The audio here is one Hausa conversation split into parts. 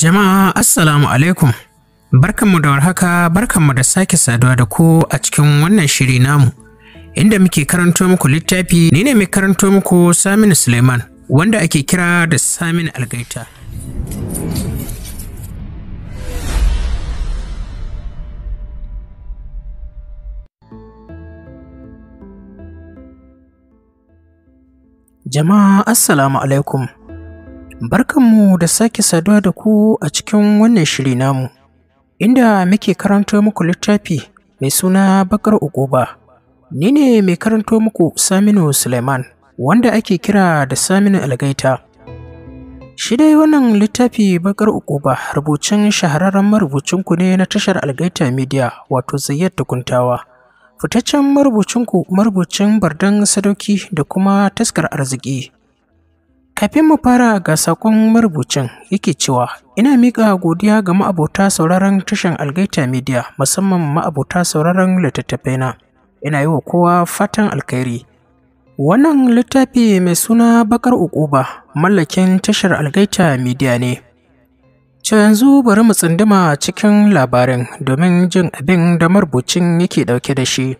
Jama'a Assalamu alaikum. Barkanmu da warhaka, barkanmu da sake saduwa da ku a cikin wannan shiri namu. Inda muke karanto muku littafi, ni ne mai karanto muku Saminu Suleiman, wanda ake kira da Saminu Algaita. Jama'a Assalamu alaikum. Barkanmu da sake saduwa da ku a cikin wannan shiri namu, inda muke karanto muku littafi mai suna Bakar ugoba, Ni ne mai karanto muku Saminu Suleiman, wanda ake kira da Saminu Algaita. Shi dai wannan littafi Bakar ugoba, rubucin shahararren marubucinku ne na tashar Algaita Media wato Zayyar Tukuntawa. Fitaccen marubucinku marubucin Bardan Sadauki da kuma taskar arziki. Kafin mu fara ga sakon marubucin yake cewa ina miƙa godiya ga ma'abota sauraron tushen Algaita Media musamman ma'abota sauraron littattafai na. Ina yi wa kowa fatan alkhairi. Wannan littafi mai suna Bakar Ukuba mallakin tashar Algaita Media ne. To yanzu bari mu tsunduma cikin labarin domin jin abin da marubucin yake dauke da shi.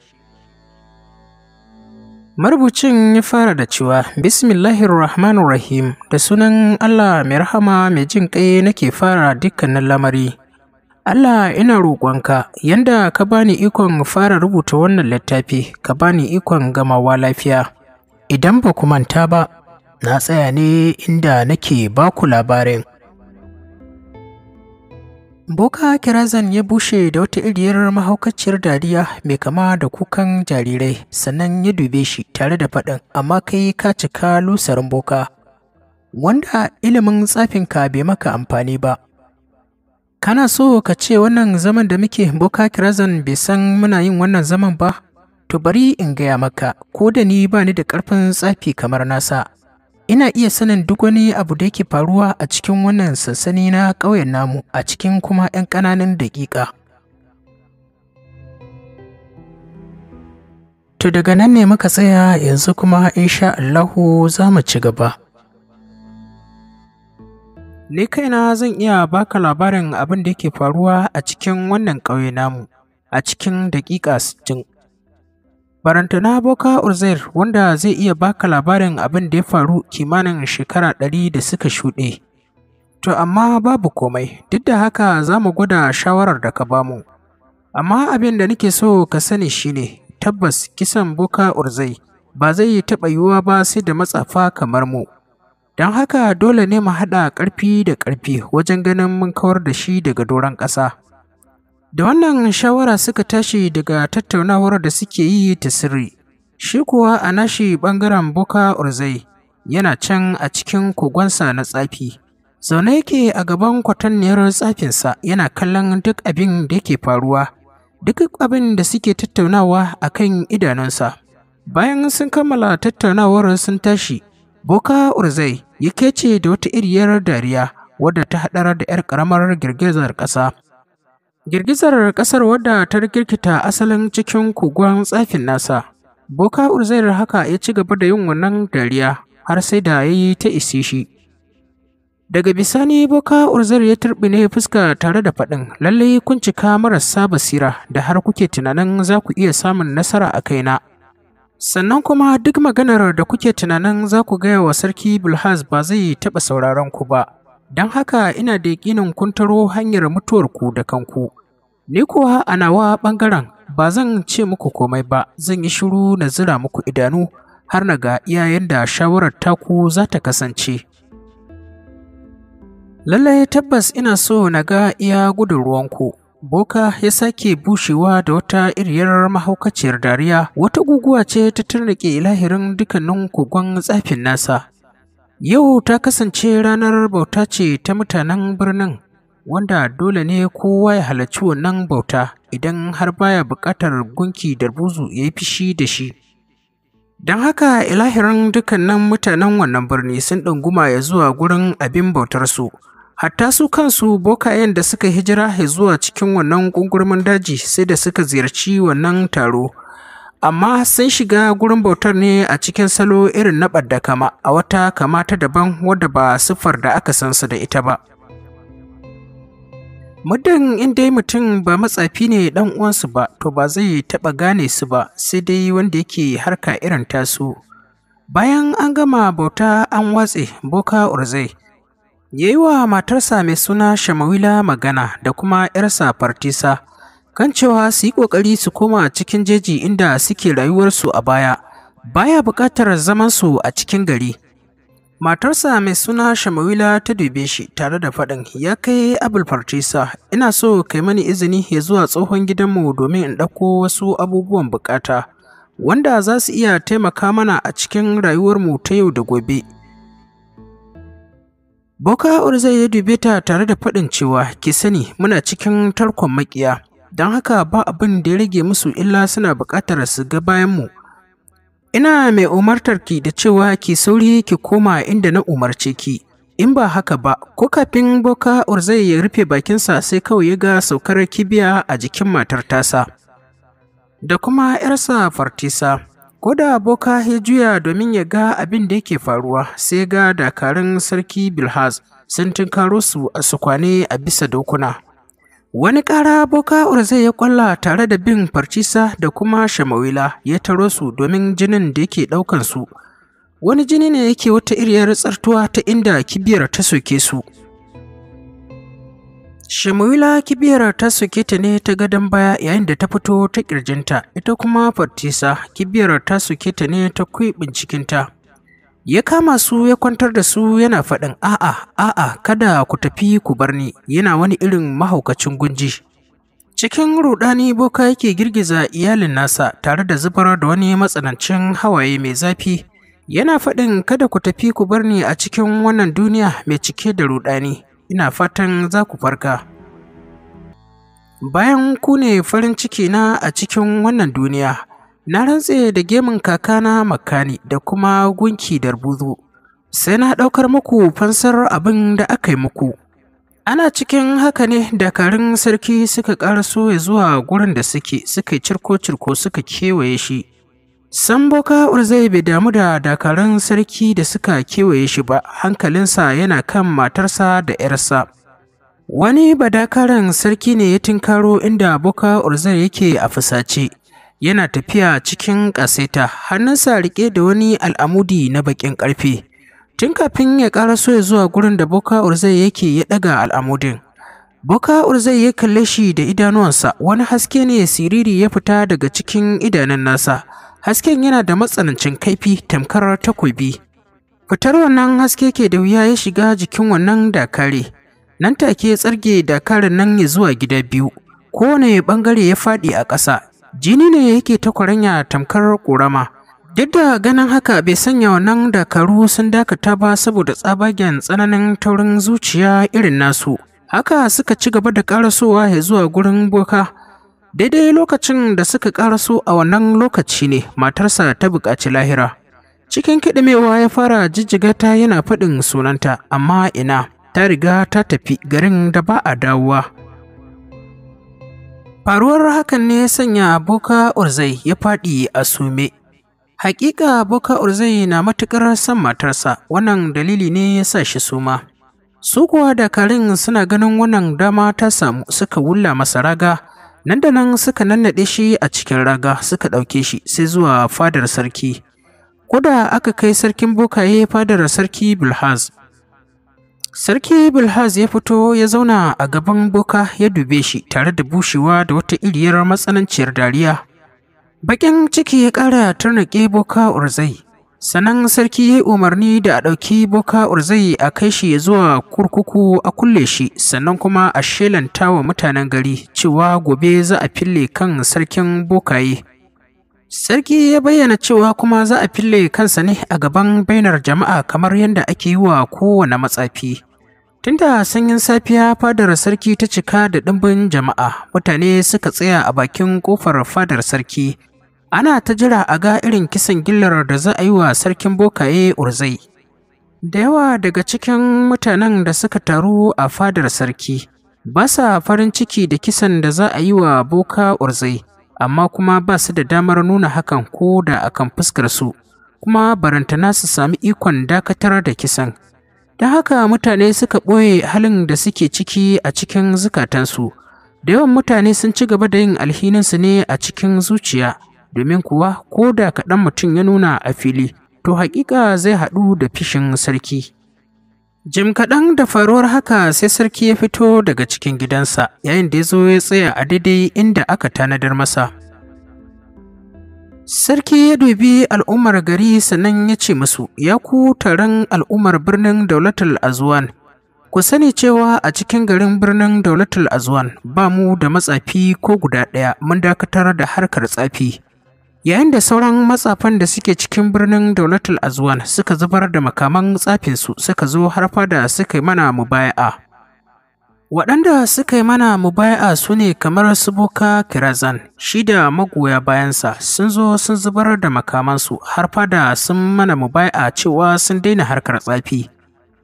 Marubucin ya fara da cewa Bismillahirrahmanirrahim da sunan Allah mai rahama mai jin ƙai nake fara dukkanin lamari. Allah ina roƙonka yanda ka bani ikon fara rubuta wannan littafi ka bani ikon gamawa lafiya. Idan ba ku manta ba, na tsaya ne inda nake baku labarin Boka kirazan ya bushe da wata iriyar mahaukaciyar dariya mai kama da kukan jarirai sannan ya dube shi tare da faɗin amma kai ka cika lusarin boka wanda ilimin tsafinka bai maka amfani ba. Kana so ka ce wannan zaman da muke boka kirazan bai san muna yin wannan zaman ba? To bari in gaya maka ko da ni ba ni da ƙarfin tsafi kamar nasa ina iya sanin duk wani abu da yake faruwa a cikin wannan sansani na ƙauyen namu a cikin kuma 'yan ƙananan daƙiƙa. To daga nan ne muka tsaya yanzu kuma in sha Allahu za mu ci gaba. Ni kaina zan iya baka labarin abin da yake faruwa a cikin wannan ƙauye namu a cikin daƙiƙa sittin. Barantana Boka Urzair wanda zai iya baka labarin abin da ya faru kimanin shekara ɗari da suka shuɗe. To amma babu komai, duk da haka za mu gwada shawarar da ka bamu. Amma abin da nake so ka sani shine tabbas kisan Boka Urzai ba zai taɓa yiwuwa ba sai da matsafa kamar mu. Don haka dole ne mu haɗa ƙarfi da ƙarfi wajen ganin mun kawar da shi daga doron ƙasa. Da wannan shawara suka tashi daga tattaunawar da suke yi ta sirri, shi kuwa a nashi ɓangaren Boka Urzai yana can a cikin kogonsa na tsafi. Zaune yake a gaban kwatanniyar tsafinsa yana kallon duk abin da yake faruwa, duk abin da suke tattaunawa a kan idanunsa. Bayan sun kammala tattaunawar sun tashi, Boka Urzai ya kece da wata iriyar dariya wadda ta haɗar da 'yar ƙaramar girgizar ƙasa. Girgizar ƙasar wadda ta rikirkita asalin cikin kogon tsafin nasa, Boka Uzair haka ya ci gaba da yin wannan dariya har sai da ya yi ta isi shi. Daga bisani Boka Uzair ya ne fuska tare da faɗin lallai kun cika marasa basira da har kuke tunanin za ku iya samun nasara a kaina. Sannan kuma duk maganar da kuke tunanin za ku gaya wa Sarki Bilhaz ba zai taɓa sauraron ku ba. don haka ina da yakinin kun taro hanyar ku da kanku. Ni kuwa a nawa ɓangaren ba zan ce muku komai ba, zan yi shiru na zira muku idanu har na ga iyayen da shawarar taku za ta kasance. Lallai tabbas ina so na ga iya gudun ruwanku. Boka ya sake bushewa da wata iriyar mahaukaciyar dariya, wata guguwa ce ta turnike lahirin dukkanin kogon tsafin nasa, Yau ta kasance ranar bauta ce ta mutanen birnin wanda dole ne kowa ya halarci wannan bauta idan har baya buƙatar gunki da buzu ya yi fishi da shi. Don haka ilahirin dukkanin mutanen wannan birni sun ɗunguma ya zuwa gurin abin bautarsu, hatta su kansu bokayen da suka hijira zuwa cikin wannan ƙungurmin daji sai da suka ziyarci wannan taro. amma sun shiga gurin bautar ne a cikin salo irin na ɓadda kama a wata kamata daban wadda ba siffar da aka san su da ita ba muddin in dai mutum ba matsafi ne ɗan' uwansu ba to ba zai taɓa gane su ba sai dai wanda yake harka irin tasu bayan an gama bauta an watse boka urzai ya yi wa matarsa mai suna shamawila magana da kuma 'yarsa fartisa kan cewa su yi ƙoƙari su koma cikin jeji inda suke rayuwarsu a baya baya buƙatar zamansu a cikin gari matarsa mai suna shamawila ta dube shi tare da faɗin ya kai abul fartisa ina so kai mani izini ya zuwa tsohon gidanmu domin in ɗauko wasu abubuwan buƙata wanda za su iya taimaka mana a cikin rayuwarmu ta yau da gobe Boka Urzai ya dube ta tare da faɗin cewa ki sani muna cikin tarkon maƙiya. don haka ba abin da ya rage musu illa suna buƙatar su ga bayanmu ina mai umartar ki da cewa ki sauri ki koma inda na umarce ki in ba haka ba ko kafin boka urzai ya rufe bakinsa sai kawai ya ga saukar kibiya a jikin matar tasa da kuma 'yarsa fartisa ko da boka ya juya domin ya ga abin da yake faruwa sai ga dakarun sarki bilhaz sun tunkaro su a sukwane a bisa dokuna Wani ƙara Boka zai ya kwalla tare da bin Farcisa da kuma Shamawila ya taro su domin jinin da yake ɗaukan su. Wani jini ne yake wata iriyar tsartuwa ta inda kibiyar ta soke su. Shamawila kibiyar ta soke ta ne ta gadon baya yayin da ta fito ta ƙirjinta, ita kuma farcisa kibiyar ta soke ta ne ta kwiɓin cikinta. ya kama su ya kwantar da su yana faɗin a'a a'a kada ku tafi ku bar ni yana wani irin mahaukacin gunji cikin rudani boka yake girgiza iyalin nasa tare da zubar da wani matsanancin hawaye mai zafi yana faɗin kada ku tafi ku bar ni a cikin wannan duniya mai cike da rudani ina fatan za ku farka bayan ku ne farin ciki na a cikin wannan duniya na rantse da gemun kakana makani da kuma gunki da darbuzo sai na ɗaukar muku fansar abin da aka yi muku ana cikin haka ne dakarun sarki suka ƙaraso ya zuwa gurin da suke suka cirko-cirko suka kewaye shi San samboka urzai bai damu da dakarun sarki da suka kewaye shi ba hankalinsa yana kan matarsa da 'yarsa wani badakaran sarki ne ya tinkaro inda boka urzai yake a fusace yana tafiya cikin ƙasaita hannunsa riƙe da wani al'amudi na baƙin ƙarfe tun kafin ya ƙara ya zuwa gurin da boka urzai yake ya ɗaga al'amudin boka urzai ya kalle shi da idanuwansa wani haske ne siriri ya fita daga cikin idanun nasa hasken yana da matsanancin kaifi tamkar takobi fitar wannan haske ke da wuya ya shiga jikin wannan dakare nan take ya tsarge dakarin nan ya zuwa gida biyu kowane bangare ya faɗi a ƙasa jini ne yake ta kwaranya tamkar ƙorama duk da ganin haka bai sanya wannan dakaru sun dakata ba saboda tsabagen tsananin taurin zuciya irin nasu haka suka ci gaba da karasowa ya zuwa gurin boka daidai lokacin da suka karaso a wannan lokaci ne matarsa ta buƙaci lahira cikin kiɗimewa ya fara jijjigata yana faɗin sunanta amma ina ta riga ta tafi garin da ba a dawowa Faruwar hakan ne sanya Boka Urzai ya faɗi a sume. Hakika Boka Urzai na matuƙar son matarsa, wannan dalili ne ya sa shi suma. Su kuwa da Karin suna ganin wannan dama ta samu suka wulla masa raga, nan da nan suka nannaɗe shi a cikin raga suka ɗauke shi sai zuwa fadar sarki. Koda aka kai sarkin bokaye fadar sarki Bilhaz, Sarki Bilhaz ya fito ya zauna a gaban boka ya dube shi tare da bushewa da wata iriyar matsananciyar dariya. Bakin ciki ya ƙara tarnake boka Urzai. Sannan sarki ya yi umarni da a ɗauki boka Urzai a kai shi ya zuwa kurkuku a kulle shi sannan kuma a shelanta wa mutanen gari cewa gobe za a fille kan sarkin bokaye Sarki ya bayyana cewa kuma za a fille kansa ne a gaban bainar jama'a kamar yadda ake yi wa kowane matsafi. Tunda sanyin safiya fadar sarki ta cika da ɗimbin jama'a, mutane suka tsaya a bakin ƙofar fadar sarki. Ana ta jira a ga irin kisan gillar da za a yi wa sarkin bokaye urzai. Da yawa daga cikin mutanen da suka taru a fadar sarki, ba sa farin ciki da kisan da za a yi wa boka urzai. amma kuma ba su da damar nuna hakan ko da akan fuskar su kuma barantana su sami ikon dakatar da kisan da haka mutane suka ɓoye halin da suke ciki a cikin zukatansu da yawan mutane sun ci gaba da yin alhininsu ne a cikin zuciya domin kuwa ko da kaɗan mutum ya nuna a fili to haƙiƙa zai haɗu da fishin sarki Jim kaɗan da faruwar haka sai sarki ya fito daga cikin gidansa yayin da ya zo ya tsaya a daidai inda aka tanadar masa. Sarki ya dubi al'ummar gari sannan ya ce musu, ya ku taron al'ummar birnin Daulatul Azuwan? Ku sani cewa a cikin garin birnin Daulatul Azuwan, ba mu da matsafi ko guda ɗaya mun dakatar da harkar tsafi. yayin da sauran matsafan da suke cikin birnin daulatul azwan suka zubar da makaman tsafinsu suka zo har fada suka yi mana mubaya'a waɗanda suka yi mana mubaya'a su ne kamar su Boka kirazan shi da magoya bayansa sun zo sun zubar da makamansu har fada sun mana mubaya'a cewa sun daina harkar tsafi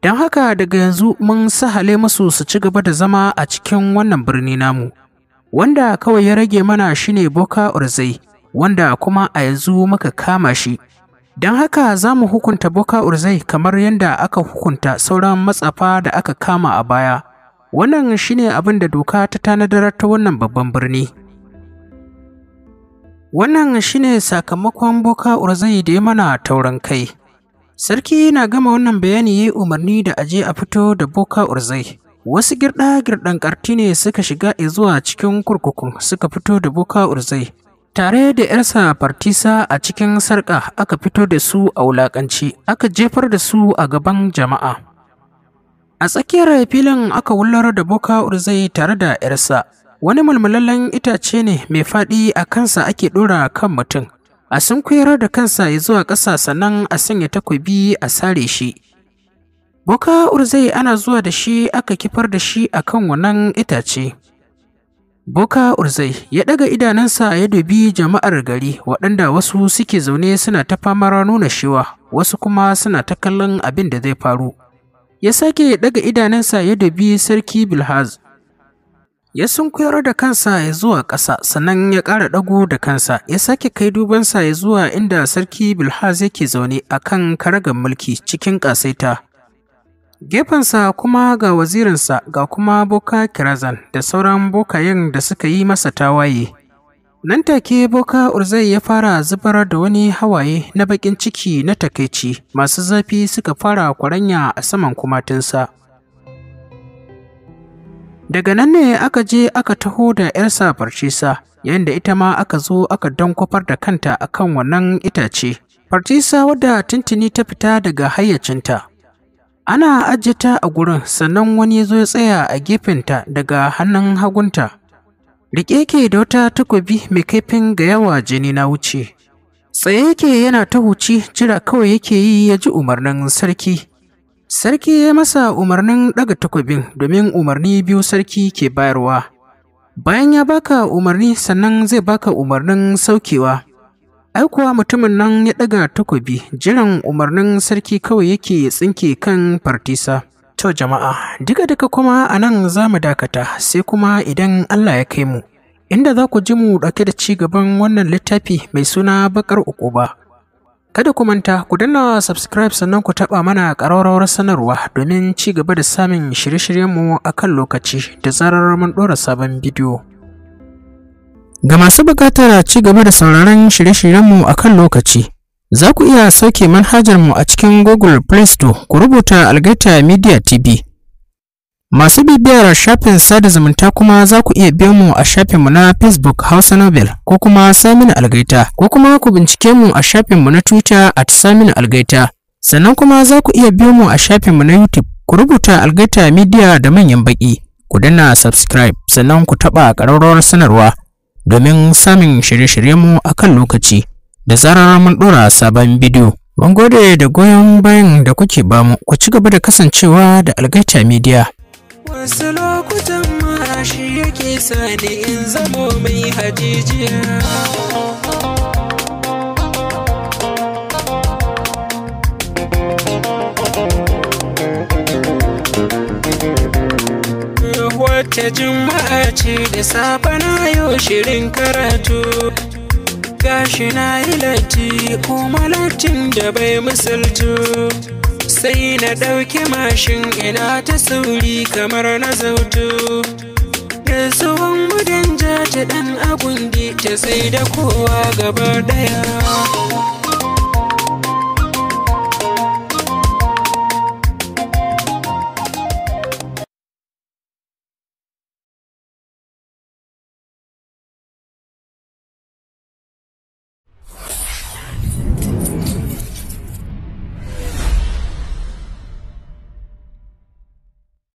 don haka daga yanzu mun sahale musu su ci gaba da zama a cikin wannan birni namu wanda kawai ya rage mana shine boka urzai wanda kuma a yanzu muka kama shi don haka za mu hukunta boka urzai kamar yadda aka hukunta sauran matsafa da aka kama a baya wannan shine abin da doka ta tanadar ta wannan babban birni wannan shine sakamakon boka urzai da ya mana tauren kai sarki na gama wannan bayani ya umarni da aje a fito da boka urzai wasu girɗa-girɗan ƙarti ne suka shiga zuwa cikin kurkukun suka fito da boka urzai tare da ‘yarsa Fartisa a cikin sarƙa aka fito da su a wulaƙanci, aka jefar da su a gaban jama'a. A tsakiyar filin aka wular da Boka Urzai tare da ‘yarsa, wani mulmulallen itace ne mai faɗi a kansa ake ɗora kan mutum, a sunkuyar da kansa ya zuwa ƙasa sannan a sanya takobi a sare shi. Boka Urzai ana zuwa da shi aka kifar da shi a kan wannan itace. Boka Urzai ya ɗaga idanunsa ya dubi jama'ar gari waɗanda wasu suke zaune suna ta famar nuna shewa, wasu kuma suna ta kallon abin da zai faru. Ya sake daga idanunsa ya dubi Sarki Bilhaz. Ya sunkuyar da kansa ya zuwa ƙasa sannan ya ƙara ɗago da kansa ya sake kai dubansa ya zuwa inda Sarki Bilhaz yake zaune akan kan karagar mulki cikin ƙasaita. Gefensa kuma ga wazirinsa ga kuma Boka Kirazan da sauran bokayen da suka yi masa tawaye. Nan take Boka Urzai ya fara zubar da wani hawaye na baƙin ciki na takaici masu zafi suka fara kwaranya a saman kumatinsa. Daga nan ne aka je aka taho da ‘yarsa Farcisa, yayin da ita ma aka zo aka don kwafar da kanta akan wannan itace. Farcisa wadda tuntuni ta fita daga hayyacinta. ana ajiye ta a gurin sannan wani ya zo ya tsaya a gefenta daga hannun hagunta riƙe yake da wata takobi mai kaifin ga yawa jini na wuce tsaye yake yana ta huci jira kawai yake yi ya ji umarnin sarki sarki ya masa umarnin ɗaga takobin domin umarni biyu sarki ke bayarwa bayan ya baka umarni sannan zai baka umarnin saukewa ai kuwa mutumin nan ya ɗaga takobi jiran umarnin sarki kawai yake tsinke kan fartisa to jama'a duka duka kuma a nan za mu dakata sai kuma idan allah ya kai mu inda za ku ji mu ɗauke da ci gaban wannan littafi mai suna bakar ukuba kada ku manta ku danna subscribe sannan ku taɓa mana ƙararrawar sanarwa domin ci gaba da samun shirye-shiryenmu a kan lokaci da zarar mun ɗora sabon bidiyo Ga masu buƙatar a ci gaba da sauraron shirye-shiryenmu a kan lokaci, za ku iya sauke manhajarmu a cikin Google Play Store ku rubuta Algaita Media TV. Masu bibiyar shafin sada zumunta kuma za ku iya biyo mu a shafinmu na Facebook Hausa Nobel ko kuma Saminu Algaita ko kuma ku bincike mu a shafinmu na Twitter at Saminu Algaita. Sannan kuma za ku iya biyo mu a shafinmu na YouTube ku rubuta Algaita Media da manyan baƙi. Ku danna subscribe sannan ku taɓa ƙararrawar sanarwa. domin samun shirye-shiryenmu a kan lokaci da zarar mun ɗora sabon bidiyo. Mun gode da goyon bayan da kuke bamu ku ci gaba da kasancewa da Algaita Media. Wasu lokutan ma shi yake sani in zamo mai hajijiya. ta juma'a ce da safana na yau shirin karatu gashi na yi latti kuma lattin da bai misaltu sai na ɗauki mashin ina ta sauri kamar na zautu da tsohon gudun ta ɗan agundi ta sai da kowa gaba ɗaya